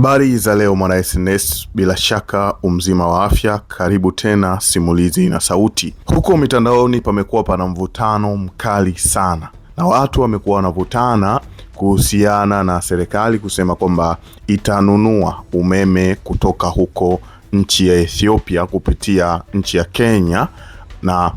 Habari za leo mwana SNS, bila shaka umzima wa afya. Karibu tena Simulizi na Sauti. Huko mitandaoni pamekuwa pana mvutano mkali sana, na watu wamekuwa wanavutana kuhusiana na serikali kusema kwamba itanunua umeme kutoka huko nchi ya Ethiopia kupitia nchi ya Kenya na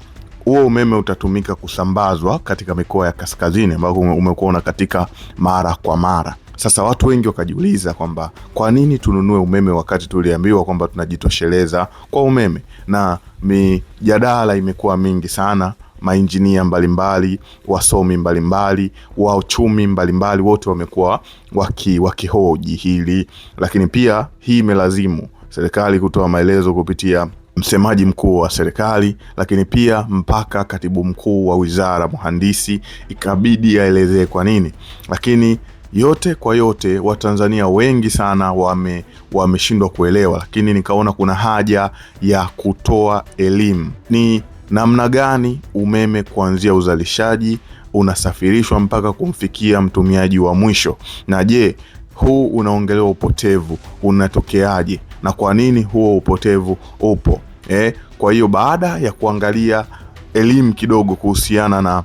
huo umeme utatumika kusambazwa katika mikoa ya kaskazini ambao umekuwa unakatika mara kwa mara. Sasa watu wengi wakajiuliza kwamba kwa nini tununue umeme wakati tuliambiwa kwamba tunajitosheleza kwa umeme, na mijadala imekuwa mingi sana mainjinia mbalimbali, wasomi mbalimbali, wauchumi mbalimbali, wote wamekuwa waki, wakihoji hili, lakini pia hii imelazimu serikali kutoa maelezo kupitia msemaji mkuu wa serikali, lakini pia mpaka katibu mkuu wa wizara mhandisi ikabidi aelezee kwa nini. Lakini yote kwa yote, Watanzania wengi sana wame wameshindwa kuelewa, lakini nikaona kuna haja ya kutoa elimu ni namna gani umeme kuanzia uzalishaji unasafirishwa mpaka kumfikia mtumiaji wa mwisho, na je, huu unaongelewa upotevu unatokeaje na kwa nini huo upotevu upo? Eh, kwa hiyo baada ya kuangalia elimu kidogo kuhusiana na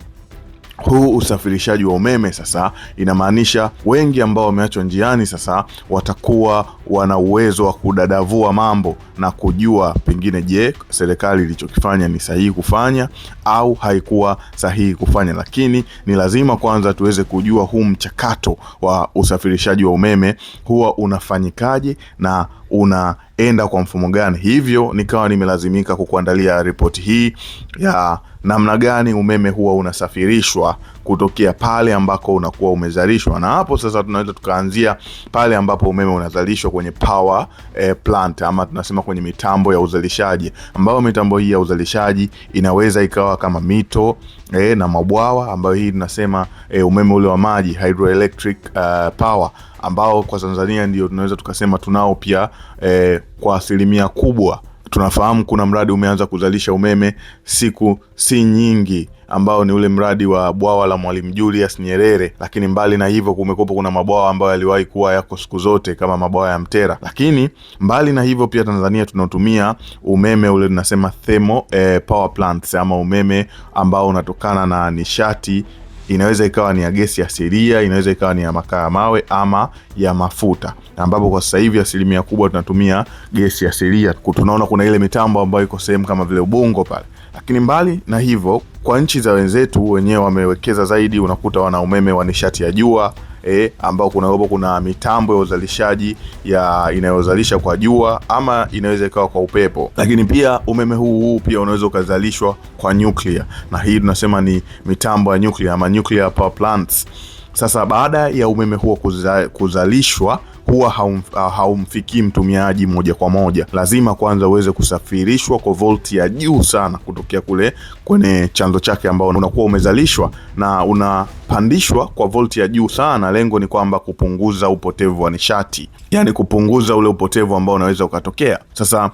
huu usafirishaji wa umeme sasa inamaanisha wengi ambao wameachwa njiani sasa watakuwa wana uwezo wa kudadavua mambo na kujua pengine, je, serikali ilichokifanya ni sahihi kufanya au haikuwa sahihi kufanya. Lakini ni lazima kwanza tuweze kujua huu mchakato wa usafirishaji wa umeme huwa unafanyikaje na unaenda kwa mfumo gani. Hivyo nikawa nimelazimika kukuandalia ripoti hii ya namna gani umeme huwa unasafirishwa kutokea pale ambako unakuwa umezalishwa, na hapo sasa tunaweza tukaanzia pale ambapo umeme unazalishwa kwenye power eh, plant ama tunasema kwenye mitambo ya uzalishaji, ambayo mitambo hii ya uzalishaji inaweza ikawa kama mito eh, na mabwawa, ambayo hii tunasema eh, umeme ule wa maji hydroelectric uh, power ambao kwa Tanzania ndio tunaweza tukasema tunao pia eh, kwa asilimia kubwa tunafahamu kuna mradi umeanza kuzalisha umeme siku si nyingi ambao ni ule mradi wa bwawa la Mwalimu Julius Nyerere, lakini mbali na hivyo kumekuwepo kuna mabwawa ambayo yaliwahi kuwa yako siku zote kama mabwawa ya Mtera. Lakini mbali na hivyo pia Tanzania tunaotumia umeme ule tunasema thermal eh, power plants ama umeme ambao unatokana na nishati inaweza ikawa ni ya gesi asilia, inaweza ikawa ni ya makaa ya mawe ama ya mafuta, ambapo kwa sasa hivi asilimia kubwa tunatumia gesi asilia. Tunaona kuna ile mitambo ambayo iko sehemu kama vile Ubungo pale, lakini mbali na hivyo, kwa nchi za wenzetu wenyewe wamewekeza zaidi, unakuta wana umeme wa nishati ya jua e, ambao kunawepo kuna mitambo ya uzalishaji ya inayozalisha kwa jua ama inaweza ikawa kwa upepo, lakini pia umeme huu huu pia unaweza ukazalishwa kwa nuclear, na hii tunasema ni mitambo ya nuclear ama nuclear power plants. Sasa baada ya umeme huo kuza, kuzalishwa huwa ah, haumfikii mtumiaji moja kwa moja. Lazima kwanza uweze kusafirishwa kwa volti ya juu sana kutokea kule kwenye chanzo chake, ambao unakuwa umezalishwa na unapandishwa kwa volti ya juu sana. Lengo ni kwamba kupunguza upotevu wa nishati, yani kupunguza ule upotevu ambao unaweza ukatokea. Sasa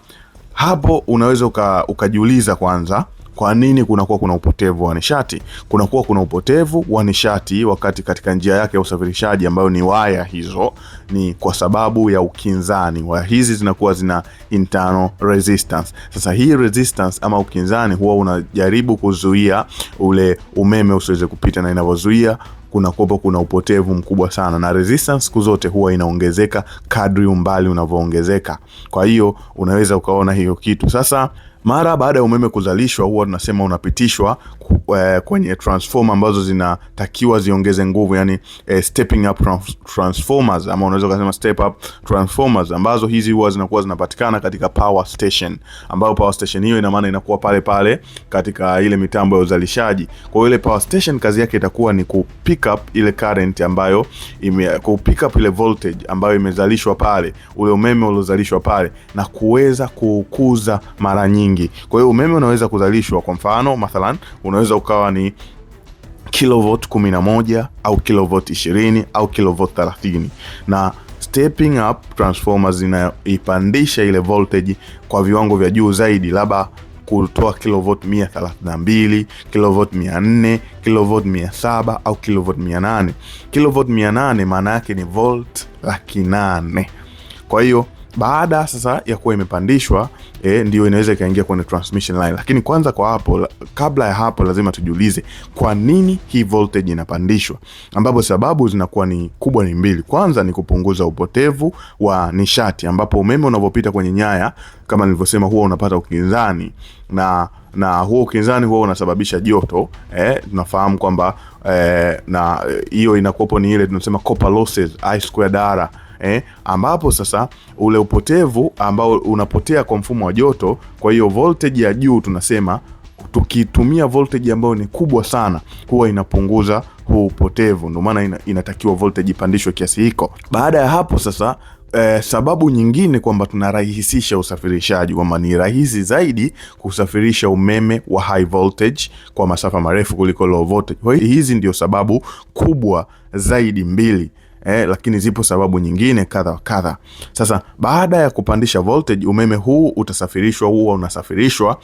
hapo unaweza uka, ukajiuliza kwanza kwa nini kunakuwa kuna upotevu wa nishati? Kunakuwa kuna upotevu wa nishati wakati katika njia yake ya usafirishaji ambayo ni waya hizo, ni kwa sababu ya ukinzani. Waya hizi zinakuwa zina internal resistance. Sasa hii resistance ama ukinzani huwa unajaribu kuzuia ule umeme usiweze kupita, na inavyozuia kunakuwa kuna upotevu mkubwa sana, na resistance siku zote huwa inaongezeka kadri umbali unavyoongezeka. Kwa hiyo unaweza ukaona hiyo kitu sasa mara baada ya umeme kuzalishwa huwa tunasema unapitishwa eh, kwenye transformer ambazo zinatakiwa ziongeze nguvu, yani eh, stepping up transformers ama unaweza kusema step up transformers, ambazo hizi huwa zinakuwa zinapatikana katika power station, ambayo power station hiyo ina maana inakuwa pale pale katika ile mitambo ya uzalishaji. Kwa hiyo ile power station kazi yake itakuwa ni ku pick up ile current ambayo ime, ku pick up ile voltage ambayo imezalishwa pale, ule umeme uliozalishwa pale na kuweza kukuza mara nyingi nyingi. Kwa hiyo umeme unaweza kuzalishwa, kwa mfano mathalan, unaweza ukawa ni kilovoti 11 au kilovoti 20 au kilovoti 30 na stepping up transformers inaipandisha ile voltage kwa viwango vya juu zaidi, labda kutoa kilovoti 132, kilovoti 400, kilovoti 700 au kilovoti 800. Kilovoti 800 maana yake ni volt laki nane. Kwa hiyo baada sasa ya kuwa imepandishwa e, ndio inaweza ikaingia kwenye transmission line. Lakini kwanza kwa hapo, kabla ya hapo, lazima tujiulize kwa nini hii voltage inapandishwa, ambapo sababu zinakuwa ni kubwa, ni mbili. Kwanza ni kupunguza upotevu wa nishati, ambapo umeme unavyopita kwenye nyaya kama nilivyosema, huwa unapata ukinzani na na huo ukinzani huo unasababisha joto eh, tunafahamu kwamba eh, na hiyo inakuwapo ni ile tunasema copper losses I squared R eh, ambapo sasa ule upotevu ambao unapotea kwa mfumo wa joto, kwa hiyo voltage ya juu tunasema tukitumia voltage ambayo ni kubwa sana huwa inapunguza huu upotevu, ndio maana ina, inatakiwa voltage ipandishwe kiasi hiko. Baada ya hapo sasa Eh, sababu nyingine kwamba tunarahisisha usafirishaji kwamba ni rahisi zaidi kusafirisha umeme wa high voltage kwa masafa marefu kuliko low voltage. Hizi ndio sababu kubwa zaidi mbili eh, lakini zipo sababu nyingine kadha wa kadha. Sasa baada ya kupandisha voltage, umeme huu utasafirishwa, huwa unasafirishwa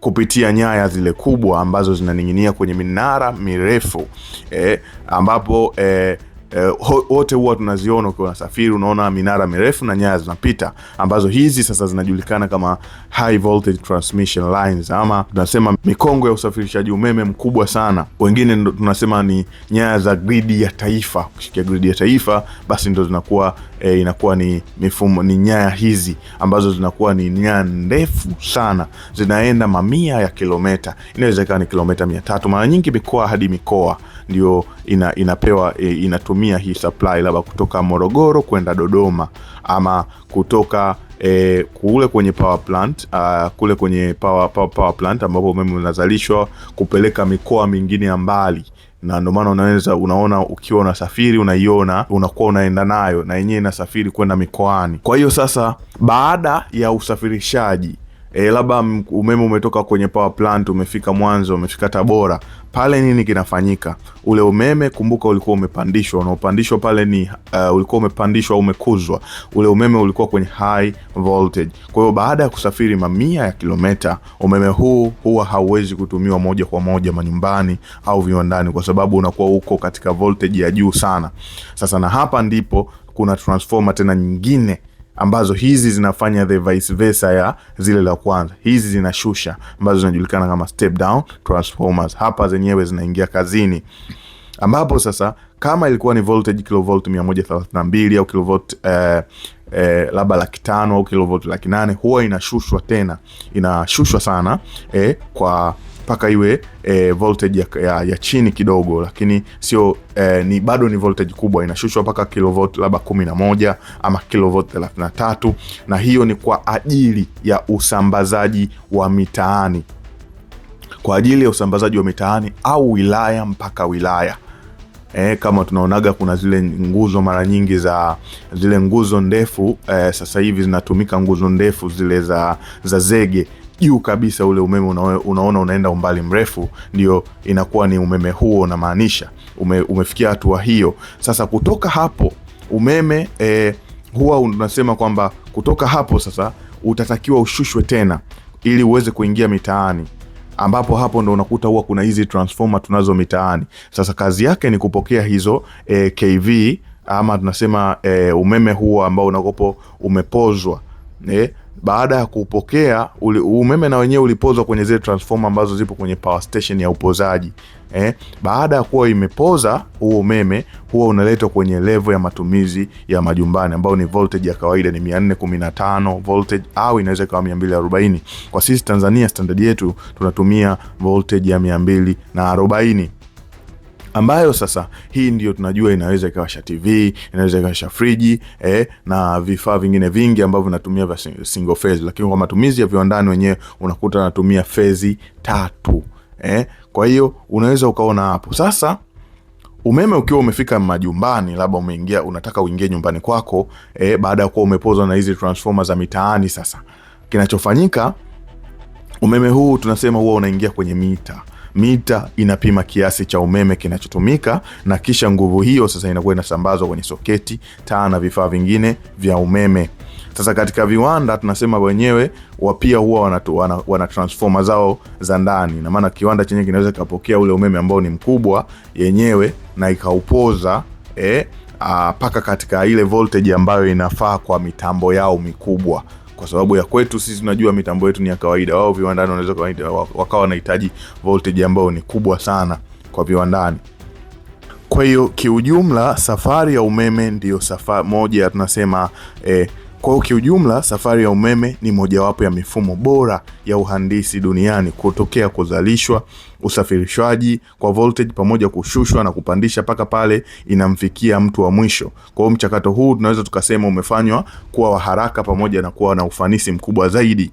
kupitia nyaya zile kubwa ambazo zinaning'inia kwenye minara mirefu eh, ambapo eh, Eh, wote huwa tunaziona ukiwa unasafiri, unaona minara mirefu na nyaya zinapita, ambazo hizi sasa zinajulikana kama high voltage transmission lines, ama tunasema mikongo ya usafirishaji umeme mkubwa sana. Wengine tunasema ni nyaya za gridi ya taifa. Ukishikia gridi ya taifa, basi ndo zinakuwa eh, inakuwa ni mifumo, ni nyaya hizi ambazo zinakuwa ni nyaya ndefu sana, zinaenda mamia ya kilometa, inawezekana ni kilometa mia tatu mara nyingi mikoa hadi mikoa ndio ina, inapewa e, inatumia hii supply labda kutoka Morogoro kwenda Dodoma ama kutoka E, kule kwenye power plant a, kule kwenye power, power, power plant ambapo umeme unazalishwa kupeleka mikoa mingine ya mbali, na ndio maana unaweza unaona ukiwa unasafiri unaiona unakuwa unaenda nayo na yenyewe inasafiri kwenda mikoani. Kwa hiyo sasa, baada ya usafirishaji e, labda umeme umetoka kwenye power plant umefika Mwanza, umefika Tabora, pale nini kinafanyika? Ule umeme kumbuka, ulikuwa umepandishwa, unaopandishwa pale ni uh, ulikuwa umepandishwa, umekuzwa. Ule umeme ulikuwa kwenye high voltage, kwa hiyo baada ya kusafiri mamia ya kilometa, umeme huu huwa hauwezi kutumiwa moja kwa moja manyumbani au viwandani, kwa sababu unakuwa uko katika voltage ya juu sana. Sasa na hapa ndipo kuna transformer tena nyingine ambazo hizi zinafanya the vice versa ya zile la kwanza. Hizi zinashusha ambazo zinajulikana kama step down transformers. Hapa zenyewe zinaingia kazini, ambapo sasa kama ilikuwa ni voltage kilovolt 132 au kilovolt eh, eh, labda laki tano au kilovolt laki nane huwa inashushwa tena, inashushwa sana eh, kwa mpaka iwe e, voltage ya, ya, ya chini kidogo, lakini sio e, ni bado ni voltage kubwa, inashushwa mpaka kilovolt labda 11 ama kilovolt 33, na hiyo ni kwa ajili ya usambazaji wa mitaani, kwa ajili ya usambazaji wa mitaani au wilaya mpaka wilaya. E, kama tunaonaga kuna zile nguzo mara nyingi za zile nguzo ndefu e, sasa hivi zinatumika nguzo ndefu zile za, za zege juu kabisa, ule umeme unaona unaenda umbali mrefu, ndio inakuwa ni umeme huo unamaanisha ume, umefikia hatua hiyo. Sasa kutoka hapo umeme e, huwa unasema kwamba kutoka hapo sasa utatakiwa ushushwe tena ili uweze kuingia mitaani ambapo hapo ndo unakuta huwa kuna hizi transfoma tunazo mitaani. Sasa kazi yake ni kupokea hizo e, eh, kV ama tunasema e, umeme huo ambao unakopo umepozwa e, baada ya kupokea uli, umeme na wenyewe ulipozwa kwenye zile transformer ambazo zipo kwenye power station ya upozaji eh. Baada ya kuwa imepoza huo umeme huwa unaletwa kwenye level ya matumizi ya majumbani ambayo ni voltage ya kawaida ni 415 voltage au inaweza ikawa 240. Kwa sisi Tanzania standard yetu tunatumia voltage ya 240 ambayo sasa hii ndio tunajua inaweza ikawasha TV, inaweza ikawasha friji eh, na vifaa vingine vingi ambavyo vinatumia vya single phase, lakini kwa matumizi ya viwandani wenyewe unakuta natumia phase tatu eh. Kwa hiyo unaweza ukaona hapo sasa umeme ukiwa umefika majumbani, labda umeingia, unataka uingie nyumbani kwako eh, baada ya kuwa umepozwa na hizi transformer za mitaani. Sasa kinachofanyika umeme huu tunasema huwa unaingia kwenye mita mita inapima kiasi cha umeme kinachotumika, na kisha nguvu hiyo sasa inakuwa inasambazwa kwenye soketi, taa na vifaa vingine vya umeme. Sasa katika viwanda tunasema wenyewe pia huwa wana, wana, wana transformer zao za ndani, na maana kiwanda chenye kinaweza kikapokea ule umeme ambao ni mkubwa yenyewe na ikaupoza mpaka eh, ah, katika ile voltage ambayo inafaa kwa mitambo yao mikubwa kwa sababu ya kwetu sisi tunajua mitambo yetu ni ya kawaida, wao viwandani wanaweza wakawa wanahitaji voltage ambayo ni kubwa sana kwa viwandani. Kwa hiyo kiujumla, safari ya umeme ndiyo safari moja tunasema eh, kwa hiyo kiujumla, safari ya umeme ni mojawapo ya mifumo bora ya uhandisi duniani kutokea kuzalishwa, usafirishwaji kwa voltage pamoja kushushwa na kupandisha mpaka pale inamfikia mtu wa mwisho. Kwa hiyo mchakato huu tunaweza tukasema umefanywa kuwa wa haraka pamoja na kuwa na ufanisi mkubwa zaidi.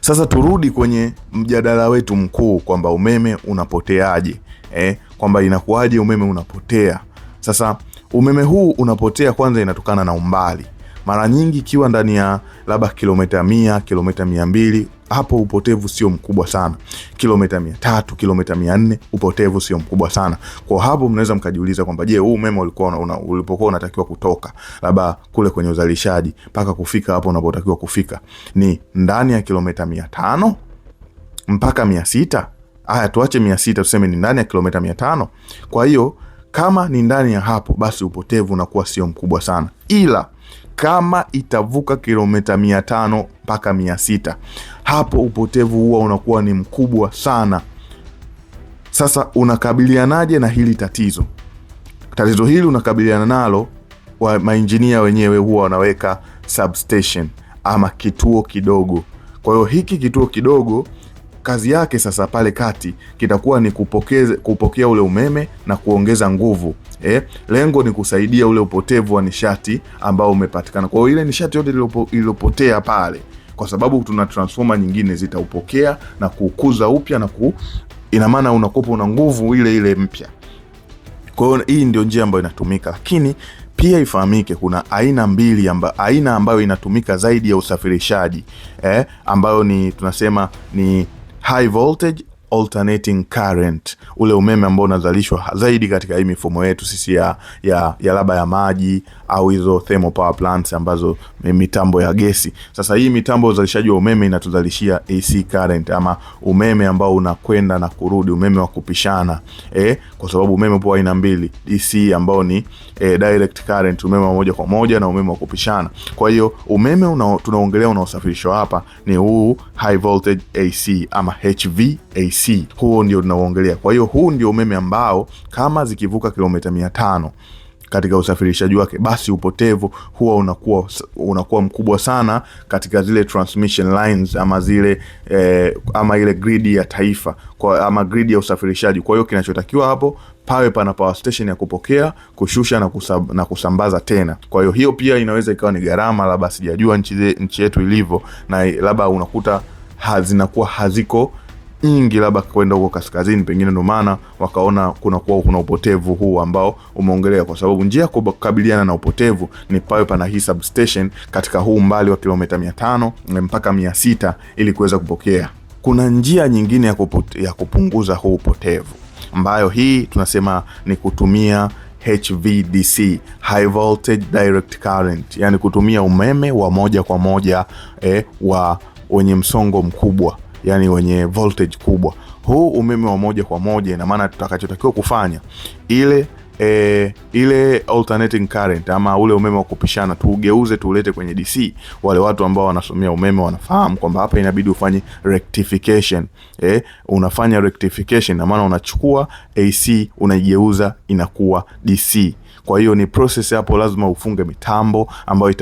Sasa turudi kwenye mjadala wetu mkuu kwamba umeme unapoteaje, eh? Kwamba inakuwaje umeme unapotea? Sasa umeme huu unapotea, kwanza inatokana na umbali mara nyingi ikiwa ndani ya labda kilomita mia kilomita mia mbili hapo upotevu sio mkubwa sana. Kilomita mia tatu kilomita mia nne upotevu sio mkubwa sana. Kwa hapo mnaweza mkajiuliza kwamba je, huu umeme ulikuwa una, ulipokuwa unatakiwa kutoka labda kule kwenye uzalishaji mpaka kufika hapo unapotakiwa kufika ni ndani ya kilomita mia tano mpaka mia sita Haya, tuache mia sita tuseme ni ndani ya kilomita mia tano Kwa hiyo kama ni ndani ya hapo, basi upotevu unakuwa sio mkubwa sana ila kama itavuka kilomita mia tano mpaka mia sita hapo upotevu huwa unakuwa ni mkubwa sana. Sasa unakabilianaje na hili tatizo? Tatizo hili unakabiliana nalo, wa mainjinia wenyewe huwa wanaweka substation ama kituo kidogo. Kwa hiyo hiki kituo kidogo kazi yake sasa pale kati kitakuwa ni kupokea, kupokea ule umeme na kuongeza nguvu eh. Lengo ni kusaidia ule upotevu wa nishati ambao umepatikana. Kwa hiyo ile nishati yote iliyopotea pale, kwa sababu tuna transforma nyingine zitaupokea na kukuza upya na ku, ina maana unakopa una nguvu ile ile mpya. Kwa hiyo hii ndio njia ambayo inatumika, lakini pia ifahamike kuna aina mbili amba, aina ambayo inatumika zaidi ya usafirishaji eh, ambayo ni tunasema ni high voltage alternating current, ule umeme ambao unazalishwa zaidi katika hii mifumo yetu sisi ya ya, ya laba ya maji au hizo thermal power plants ambazo mitambo ya gesi. Sasa hii mitambo ya uzalishaji wa umeme inatuzalishia AC current ama umeme ambao unakwenda na kurudi, umeme wa kupishana eh, kwa sababu umeme upo aina mbili, DC ambao ni eh, direct current, umeme wa moja kwa moja na umeme wa kupishana. Kwa hiyo umeme una, tunaongelea unaosafirishwa hapa ni huu high voltage AC ama HVAC. Huo ndio tunaoongelea. Kwa hiyo huu ndio umeme ambao kama zikivuka kilomita mia tano katika usafirishaji wake, basi upotevu huwa unakuwa unakuwa mkubwa sana katika zile transmission lines ama zile eh, ama ile gridi ya taifa kwa, ama gridi ya usafirishaji. Kwa hiyo kinachotakiwa hapo pawe pana power station ya kupokea, kushusha na, kusab, na kusambaza tena. Kwa hiyo hiyo pia inaweza ikawa ni gharama, labda sijajua nchi, nchi yetu ilivyo, na labda unakuta zinakuwa haziko nyingi labda kwenda huko kaskazini, pengine ndo maana wakaona kuna kuwa kuna upotevu huu ambao umeongelea, kwa sababu njia ya kukabiliana na upotevu ni pawe pana hii substation katika huu umbali wa kilomita 500 eh, mpaka sita ili kuweza kupokea. Kuna njia nyingine ya, kupote, ya kupunguza huu upotevu ambayo hii tunasema ni kutumia HVDC, high voltage direct current, yani kutumia umeme wa moja kwa moja eh, wa wenye msongo mkubwa yani wenye voltage kubwa. Huu umeme wa moja kwa moja, ina maana tutakachotakiwa kufanya ile E, ile alternating current ama ule umeme wa kupishana tuugeuze tuulete kwenye DC. Wale watu ambao wanasomea umeme wanafahamu kwamba hapa inabidi ufanye rectification. E, unafanya rectification, na maana unachukua AC unaigeuza inakuwa DC. Kwa hiyo ni process hapo, lazima ufunge mitambo ambayo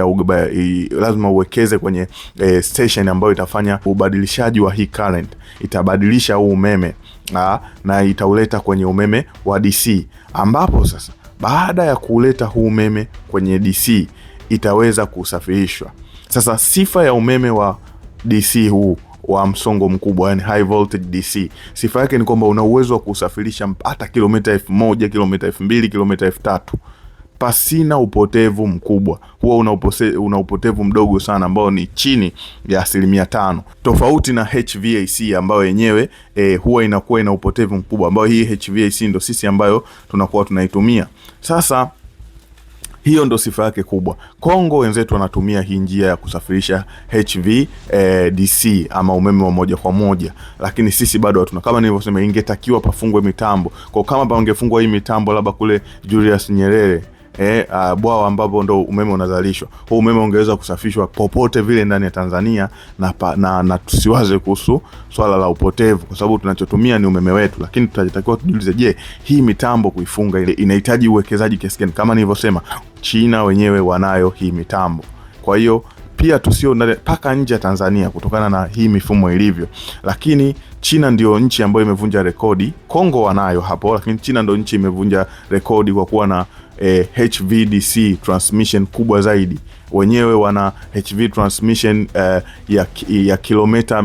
i, lazima uwekeze kwenye e, station ambayo itafanya ubadilishaji wa hii current, itabadilisha huu umeme na, na itauleta kwenye umeme wa DC ambapo sasa baada ya kuleta huu umeme kwenye DC itaweza kusafirishwa. Sasa sifa ya umeme wa DC huu wa msongo mkubwa, yani high voltage DC. Sifa yake ni kwamba una uwezo wa kusafirisha hata kilomita elfu moja, kilomita elfu mbili, kilomita elfu tatu pasina upotevu mkubwa. Huwa una, una upotevu mdogo sana ambao ni chini ya asilimia tano, tofauti na HVAC ambayo yenyewe e, huwa inakuwa ina upotevu mkubwa, ambayo hii HVAC ndo sisi ambayo tunakuwa tunaitumia sasa hiyo ndo sifa yake kubwa. Kongo wenzetu wanatumia hii njia ya kusafirisha HVDC eh, ama umeme wa moja kwa moja, lakini sisi bado hatuna. Kama nilivyosema, ingetakiwa pafungwe mitambo kwa, kama pangefungwa hii mitambo labda kule Julius Nyerere eh, uh, bwawa ambapo ndo umeme unazalishwa. Huu umeme ungeweza kusafishwa popote vile ndani ya Tanzania na, pa, na, na tusiwaze kuhusu swala la upotevu, kwa sababu tunachotumia ni umeme wetu, lakini tutatakiwa tujiulize, je, hii mitambo kuifunga ile inahitaji uwekezaji kiasi gani? Kama nilivyosema, China wenyewe wanayo hii mitambo, kwa hiyo pia tusio mpaka nje ya Tanzania kutokana na hii mifumo ilivyo, lakini China ndio nchi ambayo imevunja rekodi. Kongo wanayo hapo, lakini China ndio nchi imevunja rekodi kwa kuwa na eh, HVDC transmission kubwa zaidi. Wenyewe wana HV transmission eh, ya, ya kilomita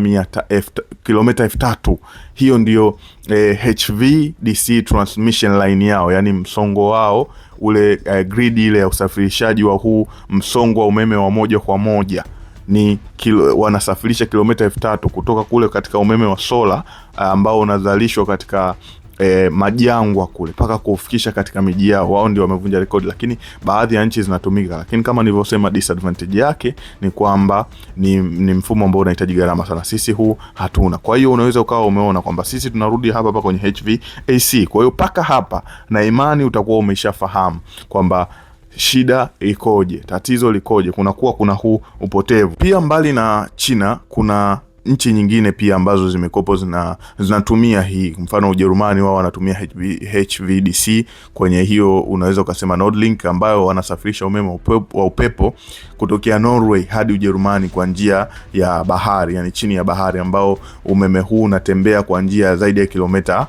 kilomita elfu tatu. Hiyo ndiyo eh, HVDC transmission line yao, yaani msongo wao ule eh, grid ile ya usafirishaji wa huu msongo wa umeme wa moja kwa moja ni kilo, wanasafirisha kilomita elfu tatu kutoka kule katika umeme wa sola ambao unazalishwa katika eh, majangwa kule mpaka kufikisha katika miji yao, wao ndio wamevunja rekodi, lakini baadhi ya nchi zinatumika. Lakini kama nilivyosema, disadvantage yake ni kwamba ni, ni mfumo ambao unahitaji gharama sana. Sisi huu hatuna, kwa hiyo unaweza ukawa umeona kwamba sisi tunarudi hapa hapa kwenye HVAC. Kwa hiyo paka hapa na imani utakuwa umeshafahamu kwamba shida ikoje, tatizo likoje, kunakuwa kuna huu upotevu pia. Mbali na China kuna nchi nyingine pia ambazo zimekopo zina, zinatumia hii. Mfano Ujerumani wao wanatumia HV, HVDC kwenye hiyo, unaweza ukasema Nordlink ambayo wanasafirisha umeme wa upepo kutokea Norway hadi Ujerumani kwa njia ya bahari, yani chini ya bahari, ambao umeme huu unatembea kwa njia zaidi ya kilomita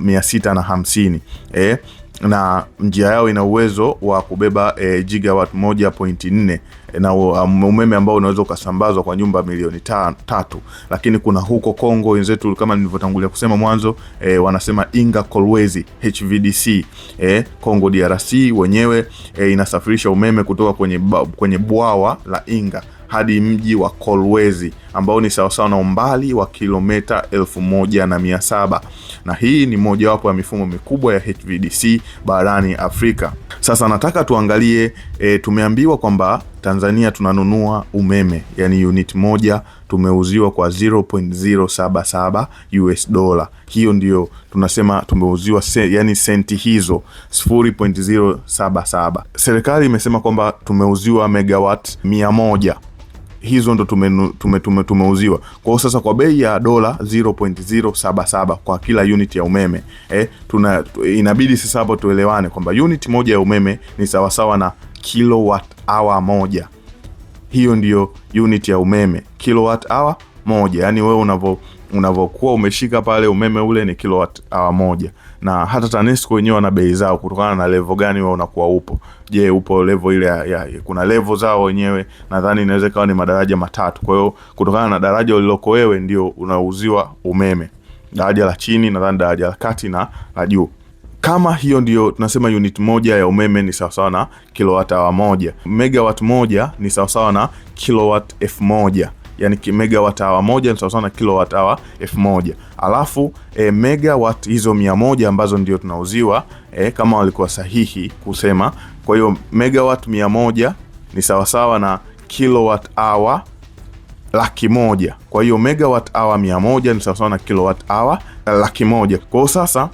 mia sita na hamsini eh na njia yao ina uwezo wa kubeba e, gigawatt 1.4 e, na um, umeme ambao unaweza ukasambazwa kwa nyumba milioni ta, tatu. Lakini kuna huko Kongo wenzetu kama nilivyotangulia kusema mwanzo e, wanasema Inga Kolwezi HVDC e, Kongo DRC wenyewe e, inasafirisha umeme kutoka kwenye, kwenye bwawa la Inga hadi mji wa Kolwezi ambao ni sawasawa na umbali wa kilomita moja na hii ni mojawapo ya mifumo mikubwa ya HVDC barani Afrika. Sasa nataka tuangalie e, tumeambiwa kwamba Tanzania tunanunua umeme yani unit moja tumeuziwa kwa 0.077 US dollar. Hiyo ndio tunasema tumeuziwa se, yani senti hizo 0.077. Serikali imesema kwamba tumeuziwa megawatt 100 hizo ndo tumeuziwa tume, tume, tume kwao sasa kwa bei ya dola 0.077 kwa kila unit ya umeme eh, tuna inabidi sasa hapo tuelewane kwamba unit moja ya umeme ni sawasawa na kilowatt hour moja. Hiyo ndiyo unit ya umeme kilowatt hour moja, yani wewe unavyo unavyokuwa umeshika pale umeme ule ni kilowatt awa moja, na hata TANESCO wenyewe wana bei zao kutokana na levo gani wewe unakuwa upo. Je, upo levo ile ya, ya, kuna levo zao wenyewe, nadhani inaweza ikawa ni madaraja matatu. Kwa hiyo kutokana na daraja uliloko wewe ndio unauziwa umeme, daraja la chini, nadhani daraja la kati na la juu kama hiyo ndio tunasema unit moja ya umeme ni sawasawa na kilowatt hour moja. Megawatt moja ni sawasawa na kilowatt elfu moja yani megawatt hour moja ni sawasawa na kilowatt hour elfu moja alafu e, megawatt hizo mia moja ambazo ndio tunauziwa e, kama walikuwa sahihi kusema. Kwa hiyo megawatt mia moja ni sawasawa na kilowatt hour laki moja. Kwa hiyo megawatt hour mia moja ni sawasawa na kilowatt hour laki moja. Kwa hiyo sasa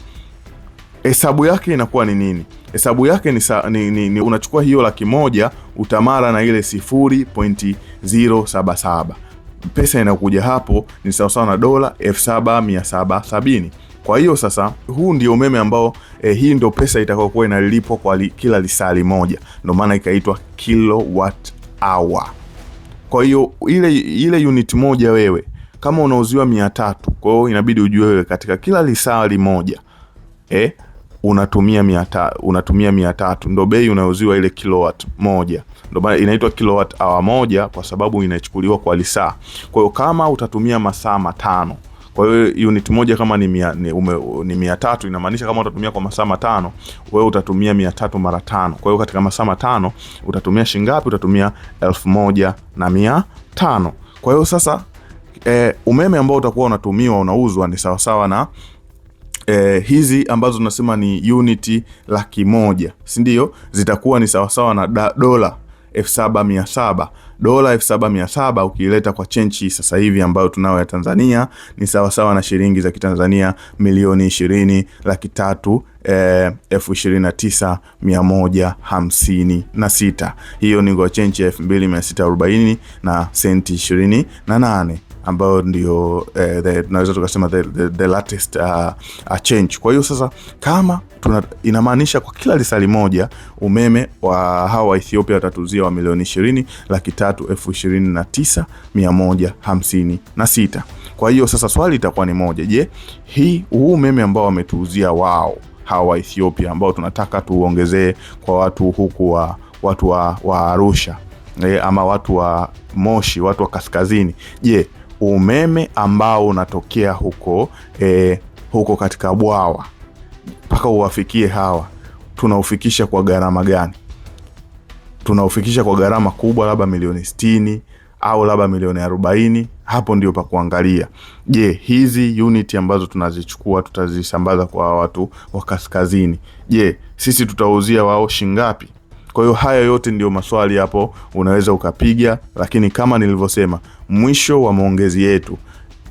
hesabu yake inakuwa ni nini? Hesabu yake ni, ni, ni, ni unachukua hiyo laki moja utamara na ile sifuri pointi 0.077 pesa inayokuja hapo ni sawasawa na dola 7770. Kwa hiyo sasa huu ndio umeme ambao eh, hii ndio pesa itakayokuwa inalipwa kwa li, kila lisali moja, ndio maana ikaitwa kilowatt hour. Kwa hiyo ile ile unit moja wewe kama unauziwa mia tatu, kwa hiyo inabidi ujue wewe katika kila lisali moja eh, unatumia mia tatu, unatumia mia tatu ndio bei unauziwa ile kilowatt moja. Ndio maana inaitwa kilowatt hour moja kwa sababu inachukuliwa kwa lisaa. Kwa hiyo kama utatumia masaa matano kwa hiyo unit moja kama ni mia, ni, ume, ni mia tatu inamaanisha kama utatumia kwa masaa matano wewe utatumia mia tatu mara tano. Kwa hiyo katika masaa matano utatumia shingapi? Utatumia elfu moja na mia tano. Kwa hiyo sasa e, umeme ambao utakuwa unatumiwa unauzwa ni sawasawa na Eh, hizi ambazo tunasema ni uniti laki moja si ndio? Zitakuwa ni sawasawa na dola 7 Dola fs7 ukiileta kwa chenchi sasa hivi ambayo tunayo ya Tanzania ni sawasawa na shilingi za Kitanzania milioni 20 laki 3 eh, elfu ishirini na Hiyo ni kwa chenchi ya 2640 na senti 28 ambayo ndio eh, tunaweza tukasema the, the, the latest uh, change. Kwa hiyo sasa kama tuna, inamaanisha kwa kila lisali moja umeme wa hawa Ethiopia watatuzia wa milioni ishirini laki tatu elfu ishirini na tisa mia moja hamsini na sita. Kwa hiyo sasa swali itakuwa ni moja, je, hii huu umeme ambao wametuuzia wao hawa Ethiopia ambao tunataka tuongezee kwa watu huku wa watu wa, wa Arusha e, ama watu wa Moshi, watu wa kaskazini, je umeme ambao unatokea huko e, huko katika bwawa mpaka uwafikie hawa, tunaufikisha kwa gharama gani? Tunaufikisha kwa gharama kubwa, labda milioni sitini au labda milioni arobaini. Hapo ndio pa kuangalia, je, hizi unit ambazo tunazichukua tutazisambaza kwa watu wa kaskazini, je, sisi tutauzia wao shingapi? Kwa hiyo haya yote ndiyo maswali hapo unaweza ukapiga, lakini kama nilivyosema, mwisho wa maongezi yetu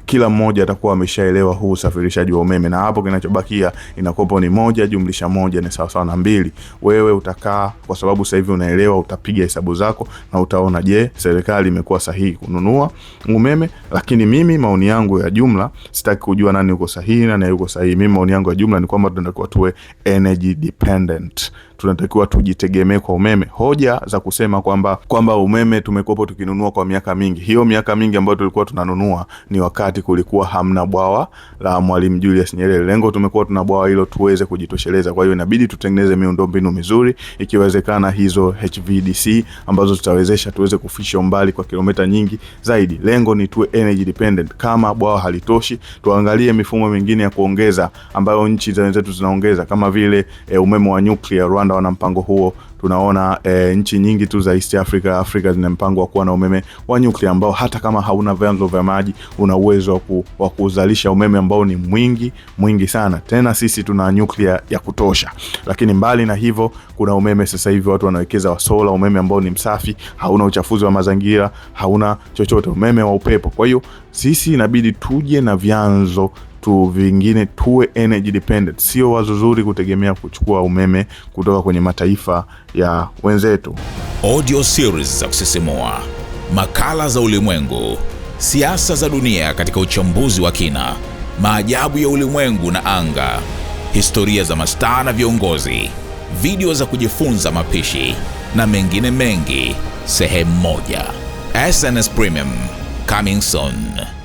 kila mmoja atakuwa ameshaelewa huu usafirishaji wa umeme, na hapo kinachobakia inakopo ni moja jumlisha moja ni sawasawa na mbili. Wewe utakaa kwa sababu sasa hivi unaelewa, utapiga hesabu zako na utaona, je, serikali imekuwa sahihi kununua umeme? Lakini mimi maoni yangu ya jumla, sitaki kujua nani yuko sahihi nani yuko sahihi. Mimi maoni yangu ya jumla ni kwamba tunatakiwa tuwe energy dependent tunatakiwa tujitegemee kwa umeme. Hoja za kusema kwamba kwamba umeme tumekuwapo tukinunua kwa miaka mingi, hiyo miaka mingi ambayo tulikuwa tunanunua ni wakati kulikuwa hamna bwawa la Mwalimu Julius Nyerere. Lengo tumekuwa tuna bwawa hilo tuweze kujitosheleza, kwa hiyo inabidi tutengeneze miundombinu mizuri, ikiwezekana hizo HVDC ambazo tutawezesha tuweze kufisha umbali kwa kilomita nyingi zaidi. Lengo ni tuwe energy dependent. Kama bwawa halitoshi, tuangalie mifumo mingine ya kuongeza ambayo nchi zenzetu zinaongeza kama vile e, umeme wa nuclear. Rwanda Rwanda wana mpango huo. Tunaona e, nchi nyingi tu za East Africa, Afrika zina mpango wa kuwa na umeme wa nyuklia ambao hata kama hauna vyanzo vya maji una uwezo wa kuzalisha umeme ambao ni mwingi mwingi sana. Tena sisi tuna nyuklia ya kutosha, lakini mbali na hivyo, kuna umeme sasa hivi watu wanawekeza wa umeme ambao ni msafi, hauna uchafuzi wa mazingira, hauna chochote, umeme wa upepo. Kwa hiyo sisi inabidi tuje na vyanzo vitu vingine tuwe energy dependent. Sio wazo zuri kutegemea kuchukua umeme kutoka kwenye mataifa ya wenzetu. Audio series za kusisimua, makala za ulimwengu, siasa za dunia katika uchambuzi wa kina, maajabu ya ulimwengu na anga, historia za mastaa na viongozi, video za kujifunza mapishi na mengine mengi, sehemu moja. SNS Premium coming soon.